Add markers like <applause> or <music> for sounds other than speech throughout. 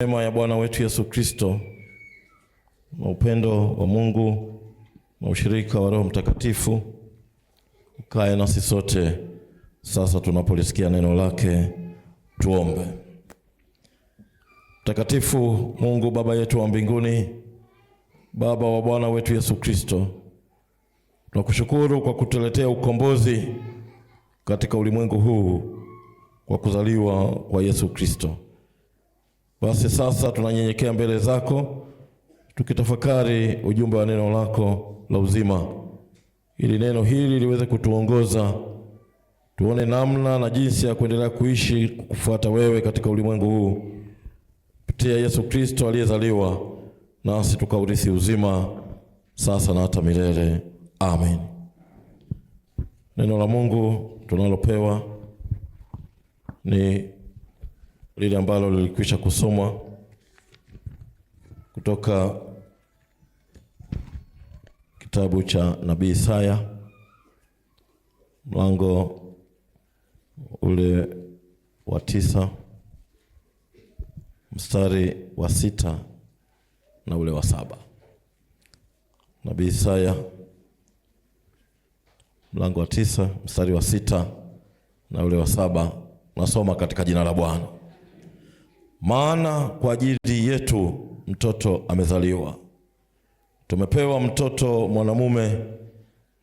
Neema ya Bwana wetu Yesu Kristo na upendo wa Mungu na ushirika wa Roho Mtakatifu ukae nasi sote sasa tunapolisikia neno lake. Tuombe. Mtakatifu Mungu Baba yetu wa mbinguni, Baba wa Bwana wetu Yesu Kristo Tunakushukuru kwa kutuletea ukombozi katika ulimwengu huu kwa kuzaliwa kwa Yesu Kristo. Basi sasa tunanyenyekea mbele zako tukitafakari ujumbe wa neno lako la uzima, ili neno hili liweze kutuongoza tuone namna na jinsi ya kuendelea kuishi kufuata wewe katika ulimwengu huu kupitia Yesu Kristo aliyezaliwa nasi tukaurithi uzima sasa na hata milele. Amen. Neno la Mungu tunalopewa ni lile ambalo lilikwisha kusomwa kutoka kitabu cha nabii Isaya mlango ule wa tisa mstari wa sita na ule wa saba. Nabii Isaya mlango wa tisa mstari wa sita na ule wa saba nasoma katika jina la Bwana. Maana kwa ajili yetu mtoto amezaliwa, tumepewa mtoto mwanamume,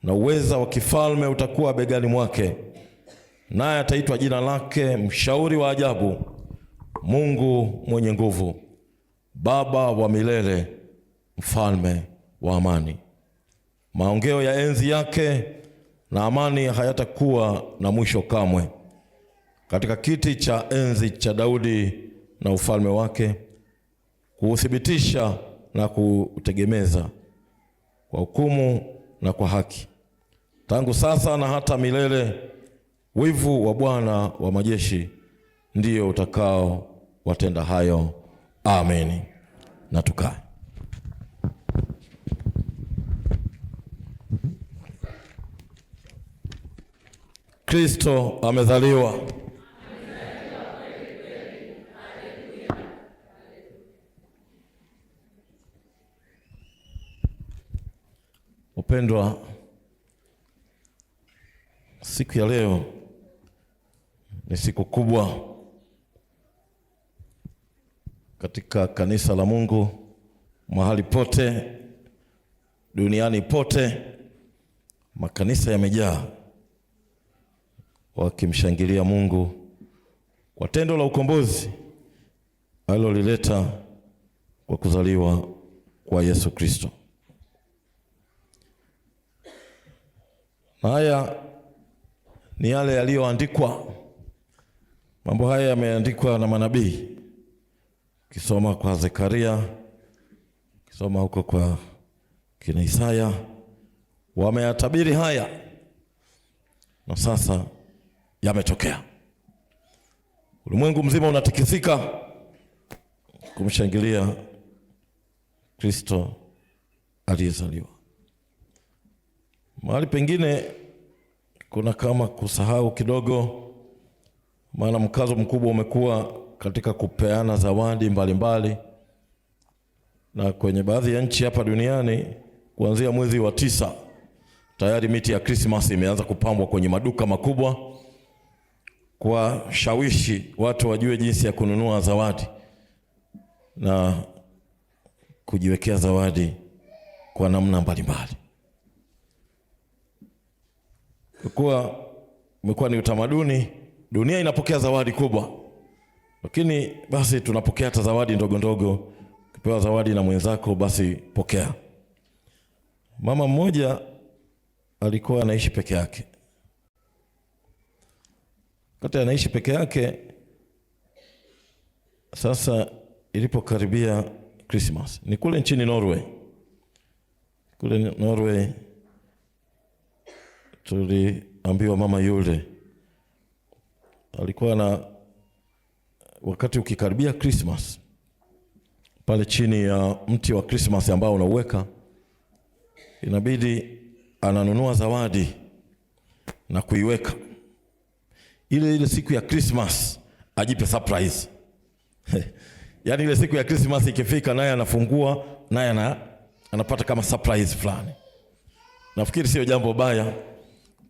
na uweza wa kifalme utakuwa begani mwake, naye ataitwa jina lake Mshauri wa Ajabu, Mungu Mwenye Nguvu, Baba wa Milele, Mfalme wa Amani. Maongeo ya enzi yake na amani hayatakuwa na mwisho kamwe. Katika kiti cha enzi cha Daudi na ufalme wake kuuthibitisha na kuutegemeza kwa hukumu na kwa haki, tangu sasa na hata milele. Wivu wa Bwana wa majeshi ndiyo utakao watenda hayo. Amen. na tukae. Kristo amezaliwa. Upendwa, siku ya leo ni siku kubwa katika kanisa la Mungu mahali pote duniani pote, makanisa yamejaa wakimshangilia Mungu kwa tendo la ukombozi alilolileta kwa kuzaliwa kwa Yesu Kristo. Na haya ni yale yaliyoandikwa. Mambo haya yameandikwa na manabii, ukisoma kwa Zekaria, ukisoma huko kwa kina Isaya, wameyatabiri haya, na sasa yametokea. Ulimwengu mzima unatikisika kumshangilia Kristo aliyezaliwa. Mahali pengine kuna kama kusahau kidogo, maana mkazo mkubwa umekuwa katika kupeana zawadi mbalimbali mbali. Na kwenye baadhi ya nchi hapa duniani kuanzia mwezi wa tisa tayari miti ya Krismasi imeanza kupambwa kwenye maduka makubwa kuwashawishi watu wajue jinsi ya kununua zawadi na kujiwekea zawadi kwa namna mbalimbali, kwa kuwa umekuwa ni utamaduni. Dunia inapokea zawadi kubwa, lakini basi tunapokea hata zawadi ndogo ndogo. Ukipewa zawadi na mwenzako, basi pokea. Mama mmoja alikuwa anaishi peke yake wakati anaishi peke yake. Sasa ilipokaribia Christmas, ni kule nchini Norway, kule Norway tuliambiwa mama yule alikuwa na wakati ukikaribia Christmas pale chini ya mti wa Christmas ambao unauweka, inabidi ananunua zawadi na kuiweka ile ile siku ya Christmas ajipe surprise. <laughs> Yaani ile siku ya Christmas ikifika, naye anafungua naye ana, anapata kama surprise fulani. Nafikiri sio jambo baya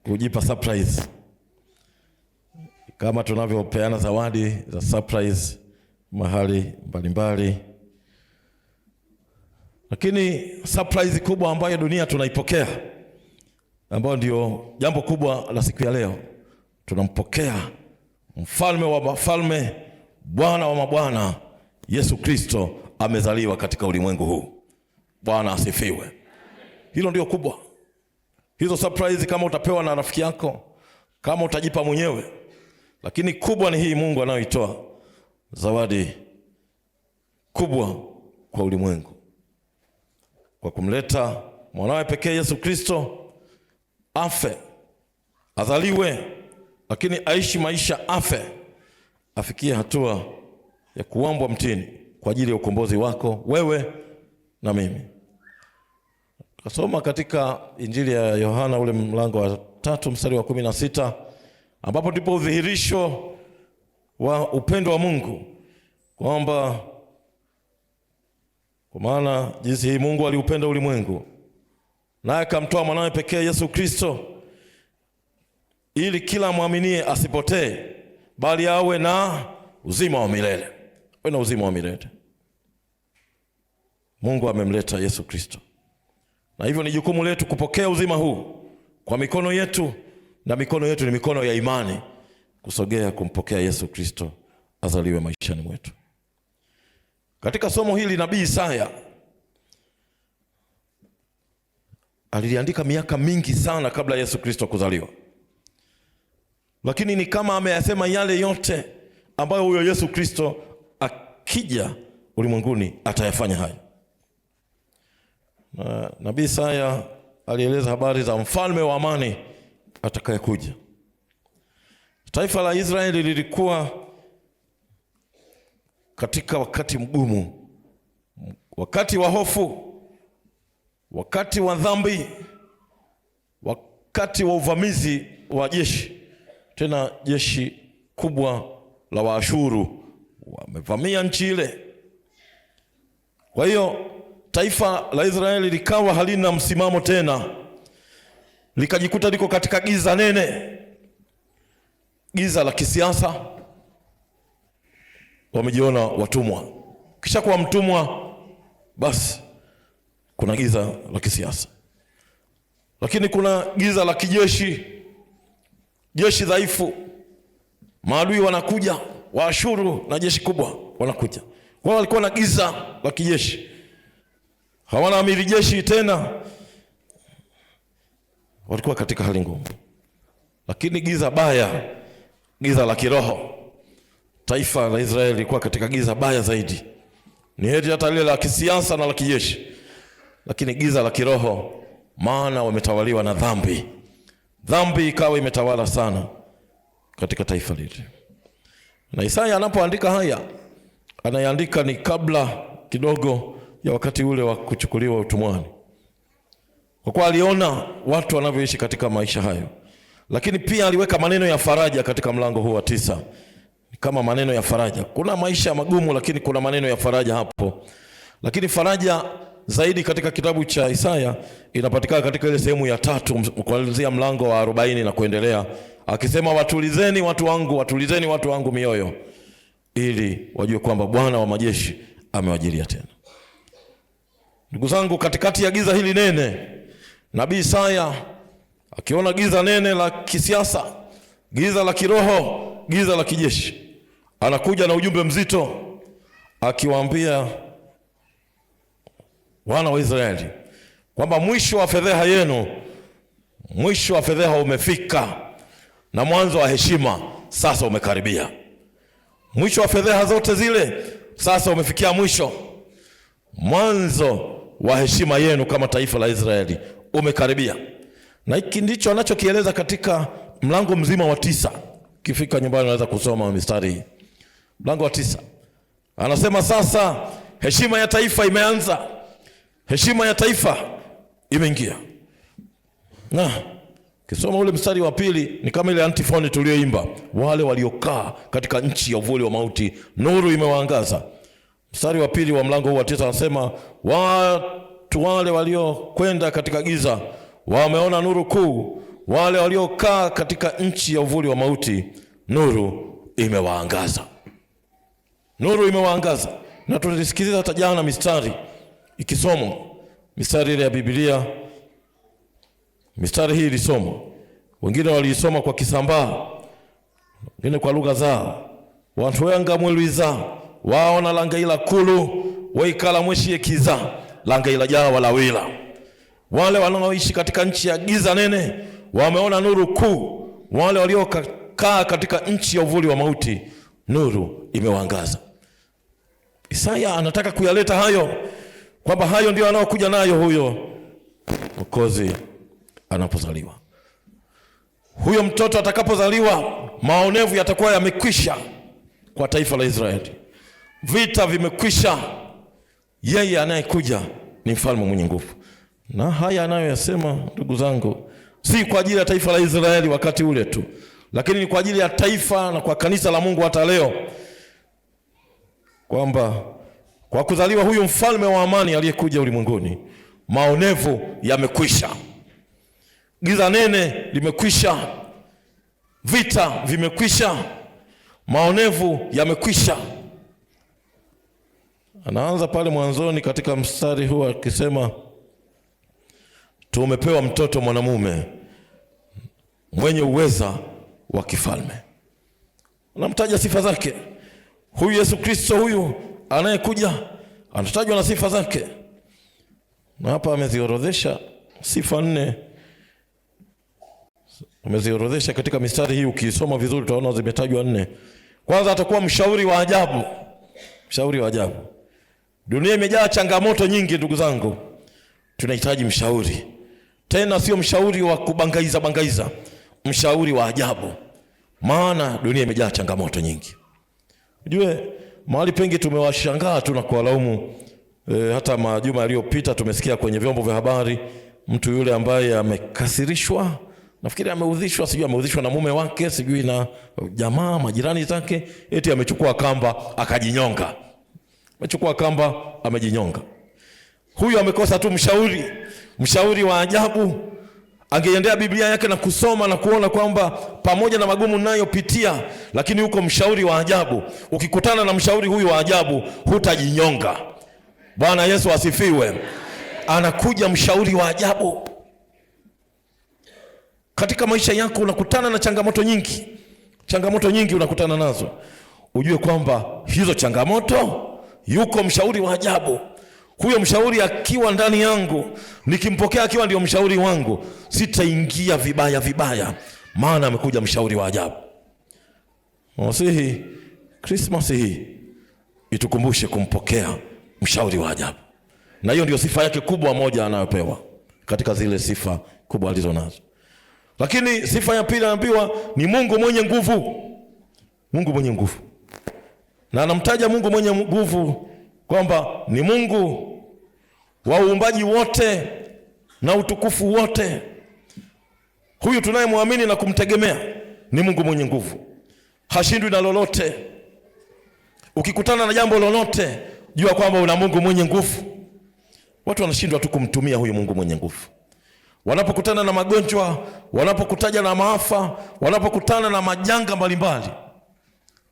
kujipa surprise, kama tunavyopeana zawadi za surprise mahali mbalimbali, lakini surprise kubwa ambayo dunia tunaipokea, ambayo ndio jambo kubwa la siku ya leo tunampokea mfalme wa mafalme, Bwana wa mabwana, Yesu Kristo amezaliwa katika ulimwengu huu. Bwana asifiwe. Hilo ndio kubwa. Hizo surprise kama utapewa na rafiki yako, kama utajipa mwenyewe, lakini kubwa ni hii, Mungu anayoitoa zawadi kubwa kwa ulimwengu kwa kumleta mwanawe pekee Yesu Kristo afe, azaliwe lakini aishi maisha afe, afikie hatua ya kuwambwa mtini kwa ajili ya ukombozi wako wewe na mimi. Kasoma katika Injili ya Yohana ule mlango wa tatu mstari wa kumi na sita ambapo ndipo udhihirisho wa upendo wa Mungu kwamba kwa maana jinsi hii Mungu aliupenda ulimwengu naye akamtoa mwanawe pekee Yesu Kristo ili kila mwaminie asipotee, bali awe na uzima wa milele. Awe na uzima wa milele. Mungu amemleta Yesu Kristo, na hivyo ni jukumu letu kupokea uzima huu kwa mikono yetu, na mikono yetu ni mikono ya imani, kusogea kumpokea Yesu Kristo azaliwe maishani mwetu. Katika somo hili nabii Isaya aliliandika miaka mingi sana kabla Yesu Kristo kuzaliwa lakini ni kama ameyasema yale yote ambayo huyo Yesu Kristo akija ulimwenguni atayafanya hayo. Na nabii Isaya alieleza habari za mfalme wa amani atakayekuja. Taifa la Israeli lilikuwa katika wakati mgumu, wakati wa hofu, wakati wa dhambi, wakati wa uvamizi wa jeshi tena jeshi kubwa la Waashuru wamevamia nchi ile. Kwa hiyo taifa la Israeli likawa halina msimamo tena, likajikuta liko katika giza nene, giza la kisiasa. Wamejiona watumwa, kisha kuwa mtumwa, basi kuna giza la kisiasa, lakini kuna giza la kijeshi jeshi dhaifu, maadui wanakuja, Waashuru na jeshi kubwa wanakuja. Wao walikuwa na giza la kijeshi, hawana amiri jeshi tena, walikuwa katika hali ngumu, lakini giza baya, giza la kiroho. Taifa la Israeli lilikuwa katika giza baya zaidi, ni heri hata lile la kisiasa na la kijeshi, lakini giza la kiroho, maana wametawaliwa na dhambi. Dhambi ikawa imetawala sana katika taifa lile, na Isaya anapoandika haya anayeandika ni kabla kidogo ya wakati ule wa kuchukuliwa utumwani, kwa kuwa aliona watu wanavyoishi katika maisha hayo. Lakini pia aliweka maneno ya faraja katika mlango huu wa tisa, kama maneno ya faraja. Kuna maisha magumu, lakini kuna maneno ya faraja hapo, lakini faraja zaidi katika kitabu cha Isaya inapatikana katika ile sehemu ya tatu kuanzia mlango wa arobaini na kuendelea, akisema watulizeni watu wangu, watulizeni watu wangu mioyo, ili wajue kwamba Bwana wa majeshi amewajilia tena. Ndugu zangu, katikati ya giza hili nene, nabii Isaya akiona giza nene la kisiasa, giza la kiroho, giza la kijeshi, anakuja na ujumbe mzito akiwaambia wana wa Israeli kwamba mwisho wa fedheha yenu, mwisho wa fedheha umefika na mwanzo wa heshima sasa umekaribia. Mwisho wa fedheha zote zile sasa umefikia mwisho, mwanzo wa heshima yenu kama taifa la Israeli umekaribia. Na hiki ndicho anachokieleza katika mlango mzima wa tisa. Ukifika nyumbani, unaweza kusoma mistari hii, mlango wa tisa. Anasema sasa heshima ya taifa imeanza heshima ya taifa imeingia. Na kisoma ule mstari wa pili ni kama ile antifoni tuliyoimba, wale waliokaa katika nchi ya uvuli wa mauti nuru imewaangaza. Mstari wa pili wa mlango huu wa tisa anasema watu wale waliokwenda katika giza wameona nuru kuu, wale waliokaa katika nchi ya uvuli wa mauti nuru imewaangaza, nuru imewaangaza. Na tulisikiliza hata jana mistari ikisomwa mistari ile ya Biblia, mistari hii ilisomwa, wengine waliisoma kwa Kisambaa, wengine kwa lugha zao watu wenga mwilwiza waona ila kulu waikala mweshiye kiza jawa wala wila. Wale wanaoishi katika nchi ya giza nene wameona nuru kuu, wale waliokaa katika nchi ya uvuli wa mauti nuru imewangaza Isaya anataka kuyaleta hayo kwamba hayo ndio anaokuja nayo huyo mkozi anapozaliwa. Huyo mtoto atakapozaliwa, maonevu yatakuwa yamekwisha kwa taifa la Israeli, vita vimekwisha. Yeye anayekuja ni mfalme mwenye nguvu, na haya anayoyasema, ndugu zangu, si kwa ajili ya taifa la Israeli wakati ule tu, lakini ni kwa ajili ya taifa na kwa kanisa la Mungu hata leo kwamba kwa kuzaliwa huyu mfalme wa amani aliyekuja ulimwenguni, maonevu yamekwisha, giza nene limekwisha, vita vimekwisha, maonevu yamekwisha. Anaanza pale mwanzoni katika mstari huu akisema, tumepewa mtoto mwanamume mwenye uweza wa kifalme. Anamtaja sifa zake huyu Yesu Kristo huyu anayekuja anatajwa na sifa zake, na hapa ameziorodhesha sifa nne, ameziorodhesha katika mistari hii. Ukisoma vizuri utaona zimetajwa nne. Kwanza atakuwa mshauri wa ajabu, mshauri wa ajabu. Dunia imejaa changamoto nyingi, ndugu zangu, tunahitaji mshauri, tena sio mshauri wa kubangaiza bangaiza, mshauri wa ajabu, maana dunia imejaa changamoto nyingi. Ujue mahali pengi tumewashangaa tu na kuwalaumu e, hata majuma yaliyopita tumesikia kwenye vyombo vya habari mtu yule ambaye amekasirishwa, nafikiri ameudhishwa, sijui ameudhishwa na mume wake, sijui na jamaa majirani zake, eti amechukua kamba akajinyonga. Amechukua kamba amejinyonga. Huyu amekosa tu mshauri, mshauri wa ajabu angeiendea Biblia yake na kusoma na kuona kwamba pamoja na magumu nayopitia lakini yuko mshauri wa ajabu. Ukikutana na mshauri huyu wa ajabu, hutajinyonga. Bwana Yesu asifiwe. Anakuja mshauri wa ajabu katika maisha yako. Unakutana na changamoto nyingi, changamoto nyingi unakutana nazo, ujue kwamba hizo changamoto, yuko mshauri wa ajabu. Huyo mshauri akiwa ndani yangu, nikimpokea akiwa ndio mshauri wangu, sitaingia vibaya vibaya, maana amekuja mshauri wa ajabu. Wasihi Christmas hii itukumbushe kumpokea mshauri wa ajabu, na hiyo ndio sifa yake kubwa moja anayopewa katika zile sifa kubwa alizo nazo. Lakini sifa ya pili anaambiwa ni Mungu mwenye nguvu. Mungu mwenye nguvu, na anamtaja Mungu mwenye nguvu kwamba ni Mungu wa uumbaji wote na utukufu wote. Huyu tunayemwamini na kumtegemea ni Mungu mwenye nguvu, hashindwi na lolote. Ukikutana na jambo lolote, jua kwamba una Mungu mwenye nguvu. Watu wanashindwa tu kumtumia huyu Mungu mwenye nguvu, wanapokutana na magonjwa, wanapokutana na maafa, wanapokutana na majanga mbalimbali,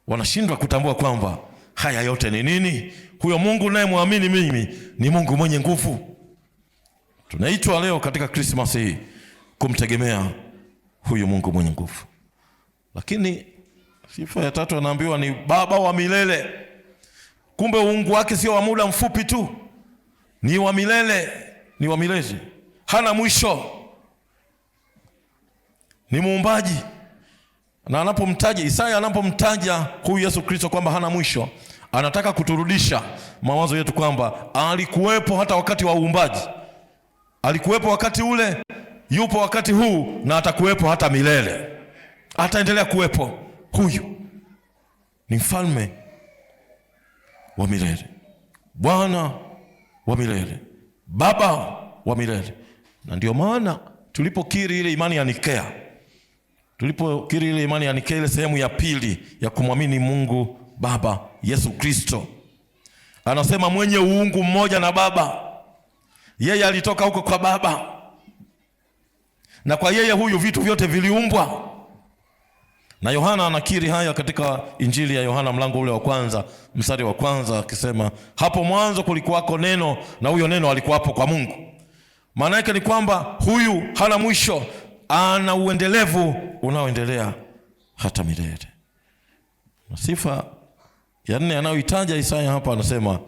wanashindwa kutambua kwamba haya yote ni nini? Huyo Mungu nayemwamini mimi ni Mungu mwenye nguvu. Tunaitwa leo katika Krismasi hii kumtegemea huyu Mungu mwenye nguvu. Lakini sifa ya tatu anaambiwa ni Baba wa milele. Kumbe uungu wake sio wa muda mfupi tu, ni wa milele, ni wa milele, hana mwisho, ni muumbaji na anapomtaja Isaya, anapomtaja huyu Yesu Kristo kwamba hana mwisho, anataka kuturudisha mawazo yetu kwamba alikuwepo hata wakati wa uumbaji, alikuwepo wakati ule, yupo wakati huu, na atakuwepo hata milele, ataendelea kuwepo. Huyu ni mfalme wa milele, Bwana wa milele, Baba wa milele. Na ndio maana tulipokiri ile imani ya Nikea Tulipokiri ile imani ya ile sehemu ya pili ya kumwamini Mungu Baba Yesu Kristo, anasema mwenye uungu mmoja na Baba, yeye alitoka huko kwa Baba na kwa yeye huyu vitu vyote viliumbwa. Na Yohana anakiri haya katika Injili ya Yohana mlango ule wa kwanza mstari wa kwanza akisema, hapo mwanzo kulikuwako neno na huyo neno alikuwapo kwa Mungu. Maana yake ni kwamba huyu hana mwisho, ana uendelevu unaoendelea hata milele. Sifa ya nne anayoitaja Isaya hapa anasema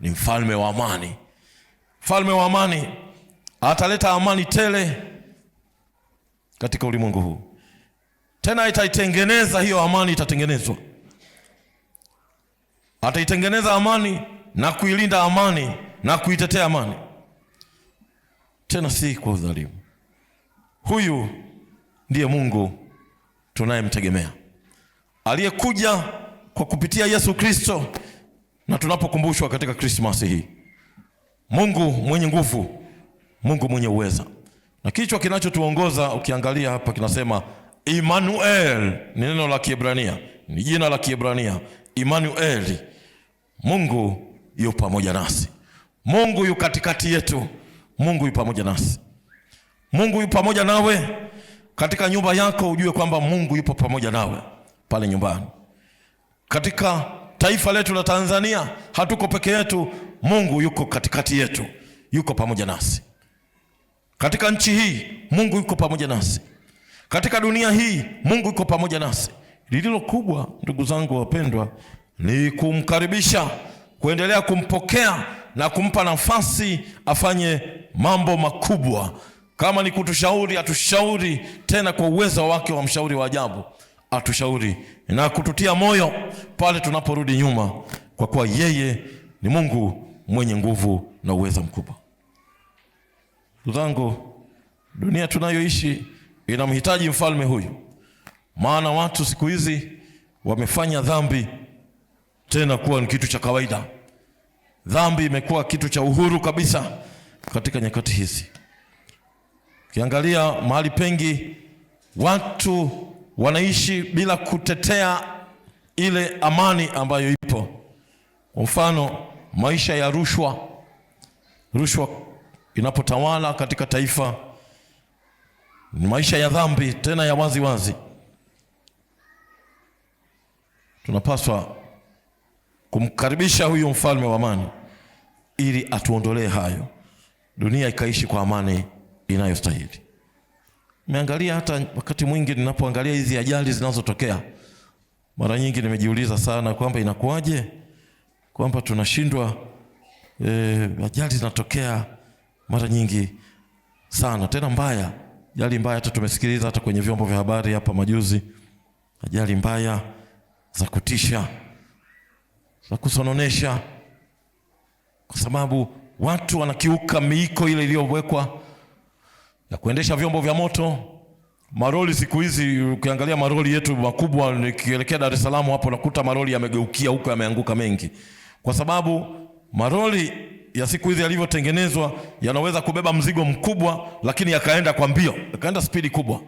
ni mfalme wa amani. Mfalme wa amani ataleta amani tele katika ulimwengu huu, tena itaitengeneza hiyo amani, itatengenezwa, ataitengeneza amani na kuilinda amani na kuitetea amani, tena si kwa udhalimu. Huyu ndiye Mungu tunayemtegemea aliyekuja kwa kupitia Yesu Kristo, na tunapokumbushwa katika Krismasi hii, Mungu mwenye nguvu, Mungu mwenye uweza. Na kichwa kinachotuongoza ukiangalia hapa kinasema Immanuel, ni neno la Kiebrania, ni jina la Kiebrania Immanueli, Mungu yu pamoja nasi. Mungu yu katikati yetu, Mungu yu pamoja nasi. Mungu yupo pamoja nawe katika nyumba yako, ujue kwamba Mungu yupo pamoja nawe pale nyumbani. Katika taifa letu la Tanzania hatuko peke yetu, Mungu yuko katikati yetu, yuko pamoja nasi. Katika nchi hii Mungu yuko pamoja nasi, katika dunia hii Mungu yuko pamoja nasi. Lililo kubwa, ndugu zangu wapendwa, ni kumkaribisha, kuendelea kumpokea na kumpa nafasi afanye mambo makubwa. Kama ni kutushauri, atushauri tena kwa uwezo wake wa mshauri wa ajabu, atushauri na kututia moyo pale tunaporudi nyuma, kwa kuwa yeye ni Mungu mwenye nguvu na uwezo mkubwa. Ndugu zangu, dunia tunayoishi inamhitaji mfalme huyu, maana watu siku hizi wamefanya dhambi tena kuwa ni kitu cha kawaida. Dhambi imekuwa kitu cha uhuru kabisa katika nyakati hizi. Ukiangalia mahali pengi watu wanaishi bila kutetea ile amani ambayo ipo. Kwa mfano, maisha ya rushwa, rushwa inapotawala katika taifa ni maisha ya dhambi, tena ya wazi wazi. Tunapaswa kumkaribisha huyu mfalme wa amani ili atuondolee hayo, dunia ikaishi kwa amani inayostahili. Nimeangalia hata wakati mwingi ninapoangalia hizi ajali zinazotokea, mara nyingi nimejiuliza sana kwamba inakuwaje kwamba tunashindwa e, ajali zinatokea mara nyingi sana tena mbaya, ajali mbaya. Hata tumesikiliza hata kwenye vyombo vya habari hapa majuzi, ajali mbaya za kutisha, za kusononesha, kwa sababu watu wanakiuka miiko ile iliyowekwa ya kuendesha vyombo vya moto. Maroli siku hizi ukiangalia maroli yetu makubwa, nikielekea Dar es Salaam hapo nakuta maroli yamegeukia huko, yameanguka mengi, kwa sababu maroli ya siku hizi yalivyotengenezwa yanaweza kubeba mzigo mkubwa, lakini yakaenda kwa mbio, yakaenda spidi kubwa.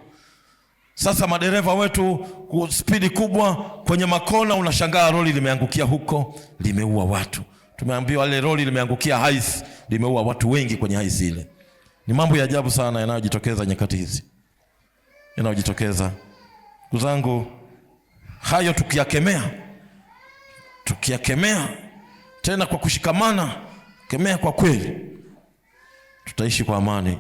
Sasa madereva wetu spidi kubwa kwenye makona, unashangaa roli limeangukia huko, limeua watu. Tumeambiwa ile roli limeangukia haisi, limeua watu wengi kwenye haisi ile. Ni mambo ya ajabu sana yanayojitokeza nyakati hizi, yanayojitokeza. Ndugu zangu, hayo tukiyakemea, tukiyakemea tena kwa kushikamana, kemea kwa kweli, tutaishi kwa amani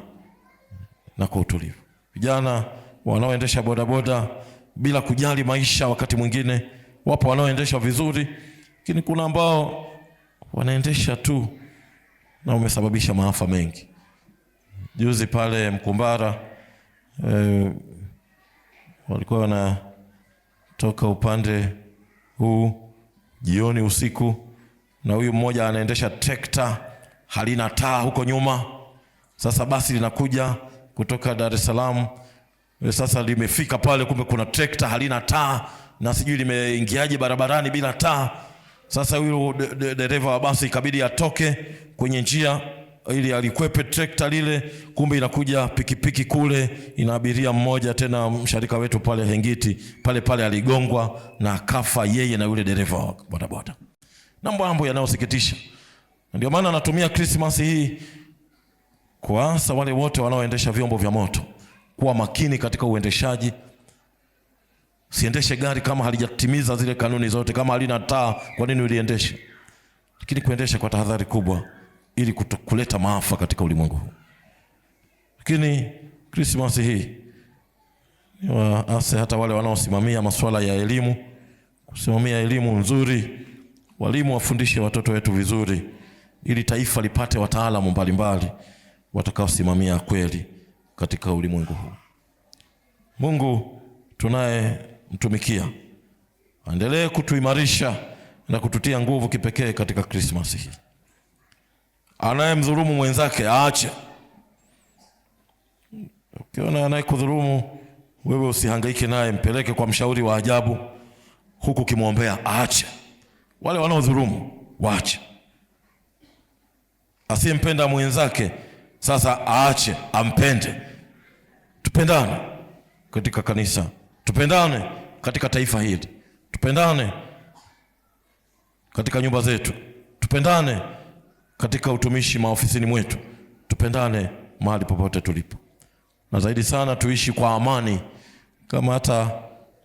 na kwa utulivu. Vijana wanaoendesha bodaboda bila kujali maisha, wakati mwingine wapo wanaoendesha vizuri, lakini kuna ambao wanaendesha tu na umesababisha maafa mengi juzi pale Mkumbara e, walikuwa wanatoka upande huu jioni usiku, na huyu mmoja anaendesha trekta halina taa huko nyuma. Sasa basi linakuja kutoka Dar es Salaam, e, sasa limefika pale, kumbe kuna trekta halina taa na sijui limeingiaje barabarani bila taa. Sasa huyu dereva wa basi ikabidi atoke kwenye njia ili alikwepe trekta lile, kumbe inakuja pikipiki kule, ina abiria mmoja tena, msharika wetu pale Hengiti pale pale aligongwa na akafa yeye na yule dereva bodaboda, na mambo yanayosikitisha. Ndio maana anatumia Christmas hii kuasa wale wote wanaoendesha vyombo vya moto kuwa makini katika uendeshaji. Siendeshe gari kama halijatimiza zile kanuni zote, kama halina taa, kwa nini uliendesha? Lakini kuendesha kwa tahadhari kubwa ili kuleta maafa katika ulimwengu huu. Lakini Krismasi hii niwaase hata wale wanaosimamia masuala ya elimu, kusimamia elimu nzuri, walimu wafundishe watoto wetu vizuri, ili taifa lipate wataalamu mbalimbali watakaosimamia kweli katika ulimwengu huu. Mungu tunayemtumikia aendelee kutuimarisha na kututia nguvu kipekee katika Krismasi hii. Anayemdhulumu mwenzake aache. Ukiona anayekudhulumu wewe, usihangaike naye, mpeleke kwa mshauri wa ajabu, huku ukimwombea aache. Wale wanaodhulumu waache. Asiyempenda mwenzake sasa aache, ampende. Tupendane katika kanisa, tupendane katika taifa hili, tupendane katika nyumba zetu, tupendane katika utumishi maofisini mwetu, tupendane mahali popote tulipo, na zaidi sana tuishi kwa amani, kama hata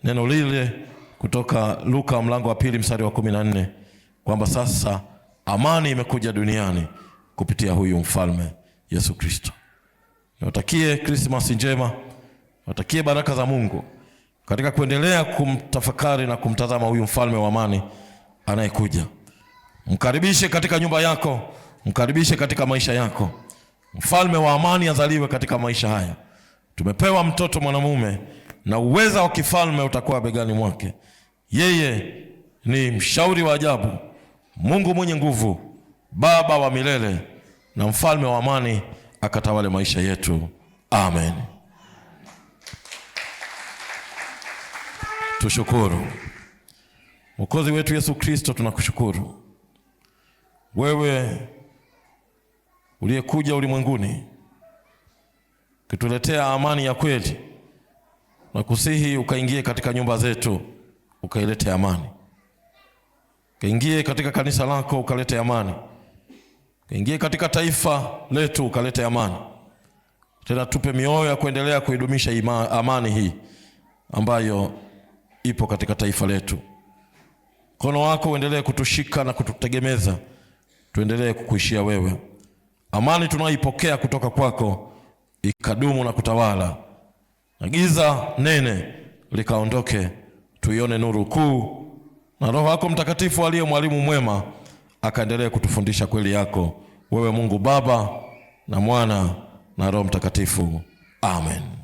neno lile kutoka Luka mlango wa pili mstari wa kumi na nne kwamba sasa amani imekuja duniani kupitia huyu mfalme Yesu Kristo. Niwatakie Krismasi njema, niwatakie baraka za Mungu katika kuendelea kumtafakari na kumtazama huyu mfalme wa amani anayekuja. Mkaribishe katika nyumba yako mkaribishe katika maisha yako. Mfalme wa amani azaliwe katika maisha haya. Tumepewa mtoto mwanamume na uweza wa kifalme utakuwa begani mwake. Yeye ni mshauri wa ajabu, Mungu mwenye nguvu, Baba wa milele na mfalme wa amani, akatawale maisha yetu. Amen. Tushukuru Mwokozi wetu Yesu Kristo, tunakushukuru wewe uliyekuja ulimwenguni ukituletea amani ya kweli, na kusihi ukaingie katika nyumba zetu ukailete amani, ukaingie katika kanisa lako ukalete amani, ukaingie katika taifa letu ukalete amani. Tena tupe mioyo ya kuendelea kuidumisha ima, amani hii ambayo ipo katika taifa letu. Mkono wako uendelee kutushika na kututegemeza, tuendelee kukuishia wewe. Amani tunayoipokea kutoka kwako ikadumu na kutawala, na giza nene likaondoke, tuione nuru kuu, na Roho yako Mtakatifu aliye mwalimu mwema akaendelee kutufundisha kweli yako, wewe Mungu Baba na Mwana na Roho Mtakatifu. Amen.